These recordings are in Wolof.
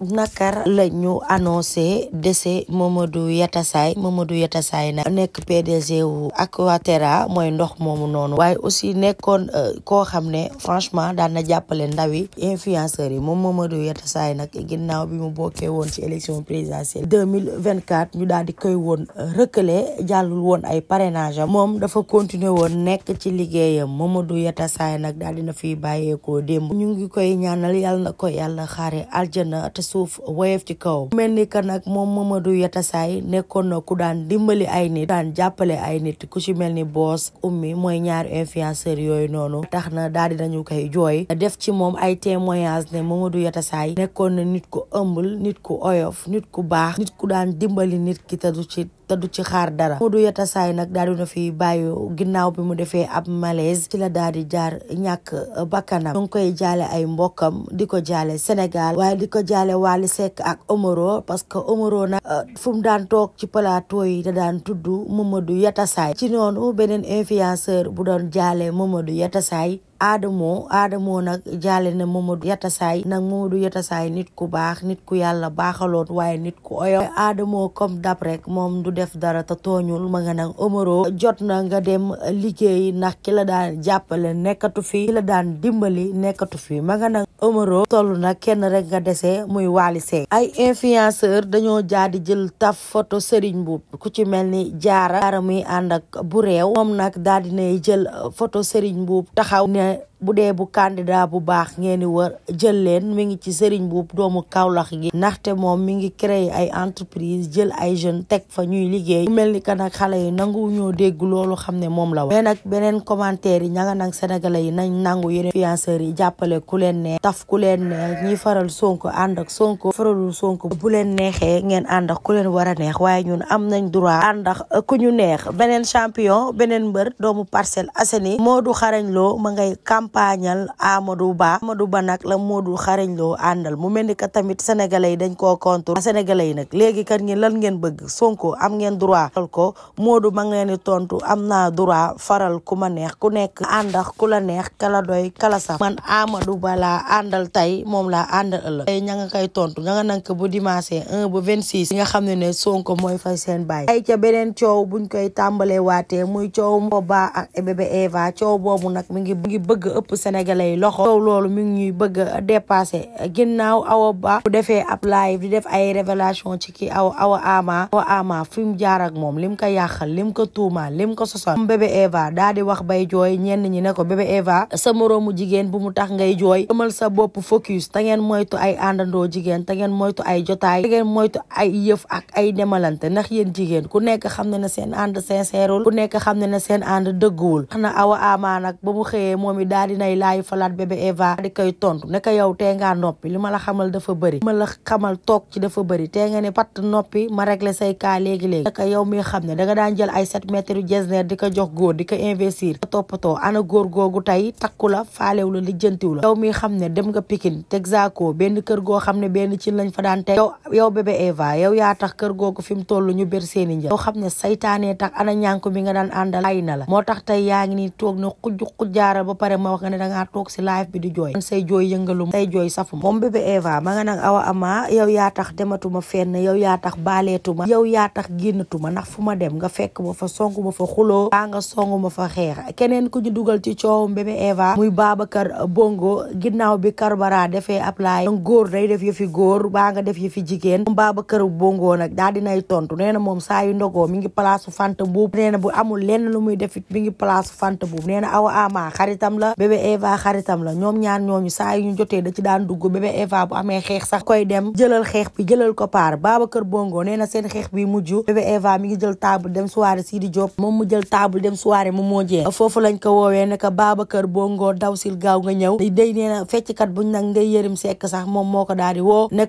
nakar la ñu annoncé décès Mamadou Yatassaye Mamadou Yatassaye nag nekk PDG wu Aquaterra mooy ndox moomu noonu waaye aussi nekkoon euh, koo xam ne franchement daan na jàppale ndawi influenceurs yi moom Mamadou Yatassaye nag ginnaaw bi mu bokkee woon ci élection présidentielle 2024 ñu daal di koy woon euh, rëkkale jàllul woon ay parrainage am moom dafa continuer woon nekk ci liggéeyam Mamadou Yatassaye nag daal na fiy bàyyeekoo démb ñu ngi koy ñaanal yàlla ko yàlla xaare aljana suuf woyof ci kaw mel ni que nag moom Mamadou Yatassay nekkoon na ku daan dimbali ay nit daan jàppale ay nit ku ci mel ni boos ummi mooy ñaari influenceur yooyu noonu tax na daal di nañu koy jooy def ci moom ay témoignage ne Mamadou Yatassay nekkoon na nit ku ëmbul nit ku oyof nit ku baax nit ku daan dimbali nit ki te du ci te du ci xaar dara Mamadou Yatassay nag daal di na fi bàyyi ginnaaw bi mu defee ab malaise ci la daal di jaar ñàkk bakkanam ñu ngi koy jaale ay mbokkam di ko jaale Sénégal waaye di ko jaale Wally Seck ak Omoro parce que Omoro nag euh, fu mu daan toog ci plateau yi da daan tudd Mamadou Yatassay ci noonu beneen influenceur bu doon jaale Mamadou Yatassay Adamo Adamo nag jaale na Mamadou Yatasaay nag Mamadou Yatasaay nit ku baax nit ku yàlla baaxaloon waaye nit ku oyof Adamo comme dab rek moom du def dara te tooñul ma nga nag Omaro jot na nga dem liggéey ndax ki la daan jàppale nekkatu fi ki la daan dimbali nekkatu fi ma nga nag Omaro toll nag kenn rek nga desee muy Wally Seck ay influenceur dañoo jaadi jël taf photo Serigne Mboup ku ci mel ni jaara jaara muy ànd ak bu réew moom nag daal dinay jël photo taxaw 拜。bu dee bu candidat bu baax ngeen di wër jël leen mi ngi ci Serigne Mboup doomu Kaolack gi ndaxte moom mi ngi créer ay entreprise jël ay jeunes teg fa ñuy liggéey mu mel ni que nag xale yi nangu ñoo dégg loolu xam ne moom la wax mais nag beneen commentaire yi ña nga nag sénégalais yi nañ nangu yeneen yi jàppale ku leen neex taf ku leen neex ñi faral Sonko ànd ak Sonko faralul Sonko bu leen neexee ngeen ànd ak ku leen war a neex waaye ñun am nañ droit ànd ku ñu neex beneen champion beneen mbër doomu Parcelles Assainies Modou Xarañ Lo ma campagnal Amadou Ba Amadou Ba nag la Modou Xarañ Lo àndal mu mel ni que tamit sénégalais yi dañ contre sénégalais yi nag léegi kat lan ngeen bëgg Sonko am ngeen droit faral ko Modou ma ngeen di tontu am na droit faral ku ma neex ku nekk anda ku la neex kala doy kala sax man Amadou Ba laa àndal tey moom la àndal ëllëg tey ña nga koy tontu ña nga nank bu dimanche 1 ba 26 nga xam ne ne Sonko mooy fay seen bàyyi ay ca beneen coow buñ koy tàmbalee waatee muy coow ëpp sénégalais yi loxo loolu mi ngi ñuy bëgg a dépassé ginnaaw Awa Ba bu defee ab live di def ay révélation ci kii aw Awa Ama Awa Ama fi mu jaar ak moom lim ko yàqal lim ko tuumaal lim ko sosal moom bébé Eva di wax bay jooy ñenn ñi ne ko bébé Eva sa moroomu jigéen bu mu tax ngay jooy ëmal sa bopp focus te ngeen moytu ay àndandoo jigéen te ngeen moytu ay jotaay te moytu ay yëf ak ay demalante ndax yéen jigéen ku nekk xam na seen ànd sincèreul ku nekk xam ne na ne seen ànd dëgguwul xana Awa Ama nag ba mu xëyee moom it daal daal dinay laayi falaat bébé Eva di koy tontu ne ko yow tee ngaa noppi li ma la xamal dafa bëri li ma la xamal toog ci dafa bëri tee ne patt noppi ma régler say cas léegi-léegi ne ko mi xam ne da nga daan jël ay sept mètres yu jesner di ko jox góor di ko investir ko toppatoo ana góor googu tey takku la faalewu la lijjantiw la yow mi xam ne dem nga Pikine Texaco benn kër goo xam ne benn ci lañ fa daan teg yow yow bébé Eva yow yaa tax kër googu fi mu toll ñu bér seeni njël yow xam ne saytaanee tax ana ñànku mi nga daan àndal ay na la wax nga ne dangaa toog si live bi di jooy man say jooy yëngalum say jooy safum moom bébé Eva ma nga nag awa ama yow yaa tax dematuma fenn yow yaa tax baaleetuma yow yaa tax génnatuma ndax fu ma dem nga fekk ba fa song ma fa xuloo baa nga song ma fa xeex keneen ku ñu dugal ci coowam bébé Eva muy Babacar Bongo ginnaaw bi Karbala defee apply donc góor day def yëfi góor baa nga def yëfi jigéen moom Babacar Bongo nag daa dinay tontu nee na moom saa yu ndogoo mi ngi place Fanta Mbuub nee na bu amul lenn lu muy def it mi ngi place Fanta Mbuub nee na awa ama xaritam bébé Eva xaritam la ñoom ñaar ñooñu saa jotee da ci daan dugg bébé Eva bu amee xeex sax koy dem jëlal xeex bi jëlal ko paar Babacar Bongo nee na seen xeex bi mujj bébé Eva mi ngi jël table dem soirée Sidi Diop moom mu jël table dem soirée mu moo jee foofu lañ ko woowee ne ko Babacar Bongo daw sil gaaw nga ñëw day nee na fecckat buñ nag ndey yërim sekk sax moom moo ko daal di woo ne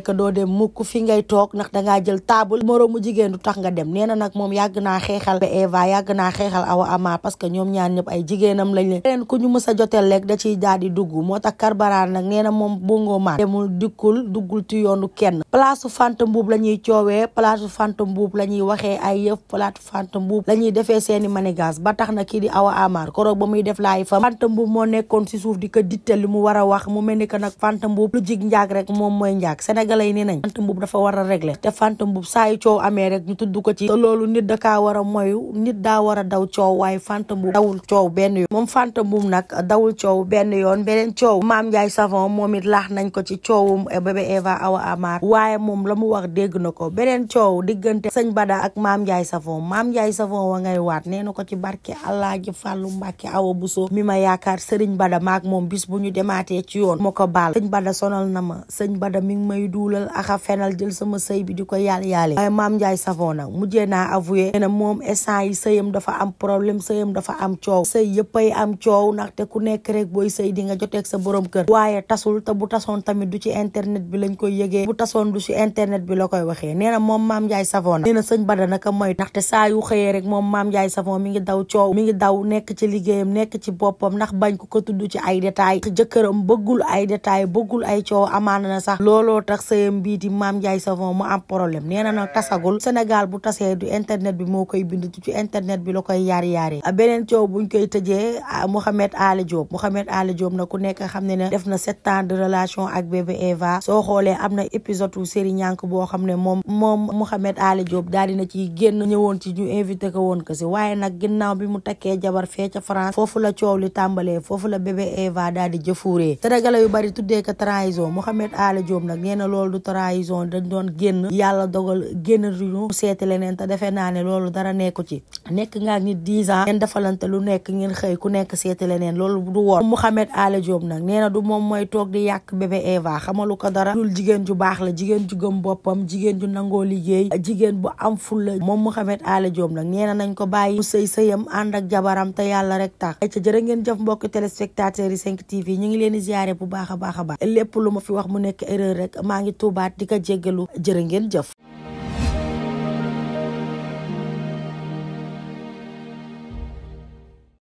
ko daw mukk fi ngay toog ndax dangaa jël table moroomu jigéen du tax nga dem nee na nag moom yàgg naa xeexal ba e Eva yàgg naa xeexal Awa Ama parce que ñoom ñaar ñëpp ay jigéenam lañ leen ku ñu mës a joteel lekk da ciy daal di dugg moo tax karbaraan nag nee na moom bongo maan demul dikkul duggul ci yoonu kenn place fanta mbuub la ñuy coowee place fanta mbuub la ñuy waxee ay yëf place fanta la ñuy defee seeni manigas ba tax na kii di Awa Amar koroog ba muy def laay fa fanta mbuub moo nekkoon si suuf di ko dittel li mu war a wax mu mel ni que nag fanta mbuub lu jig njaag rek moom mooy njaag sénégalais yi nee nañ fanta mbuub dafa war a régler te fanta mbuub bu saayu coow amee rek ñu tudd ko ci te loolu nit da kaa war a moyu nit daa war a daw coow waaye Fanta Mboum dawul coow benn yoon moom Fanta Mboum nag dawul coow benn yoon beneen coow Mame Ndiaye moom it laax nañ ko ci coowum bébé Eva Awa Amar waaye moom la mu wax dégg na ko beneen coow diggante sëñ Bada ak Mame Ndiaye Savon maam Ndiaye Savon wa ngay waat nee na ko ci barke Alaaji Fàllu Mbàkke Awa Buso mi ma yaakaar sëriñ Bada maak moom bis bu ñu demaatee ci yoon moo ko baal sëñ Bada sonal na ma sëñ Bada mi ngi may duulal axa fenal jël sama sëy bi di ko yàlla mariale waaye maam Ndiaye Savon nag mujjee naa avoué nee na moom instant yi sëyam dafa am problème sëyam dafa am coow sëy yëppay am coow ndaxte ku nekk rek booy sëy di nga joteeg sa borom kër waaye tasul te bu tasoon tamit du ci internet bi lañ koy yëgee bu tasoon du ci internet bi la koy waxee nee na moom maam Ndiaye Savon nag nee na sëñ Bada naka mooy ndaxte saa yu xëyee rek moom maam Ndiaye Savon mi ngi daw coow mi ngi daw nekk ci liggéeyam nekk ci boppam ndax bañ ko ko tudd ci ay détails jëkkëram bëggul ay détails bëggul ay coow amaana na sax nee na nag tasagul Sénégal bu tasee du internet bi moo koy bind ci internet bi la koy yaar yaari beneen coow buñ koy tëjee Mouhamed Ali Diop Mouhamed Ali Diop nag ku nekk xam ne ne def na sept relation ak bébé Eva soo xoolee am na épisode wu série ñànk boo xam ne moom moom Mouhamed Ali Diop daal dina ci génn ñëwoon ci ñu invité ko woon ko waaye nag ginnaaw bi mu takkee jabar fee ca France la coow li tàmbalee foofu la bébé Eva daal di jëfuuree sénégalais yu bari tuddee ko trahison Mouhamed Ali Diop nag nee na loolu du dañ doon génn yàlla dogal génn réunion seeti leneen te defe naa ne loolu dara nekku ci nekk nga ak nit dix ans ngeen defalante lu nekk ngeen xëy ku nekk seeti leneen loolu du woon Mouhamed Alé Diop nag nee na du moom mooy toog di yàq bébé Eva ko dara dul jigéen ju baax la jigéen ju gëm boppam jigéen ju nangoo liggéey jigéen bu am fulla moom Mouhamed Alé Diop nag nee na nañ ko bàyyi mu sëy sëyam ànd ak jabaram te yàlla rek tax ay ca jërë ngeen jëf mbokki téléspectateurs yi 5 TV ñu ngi leen di ziare bu baax a baax a baax lépp lu fi wax mu nekk erreur rek maa ngi tuubaat di ko jéggalu jërë ngeen jëf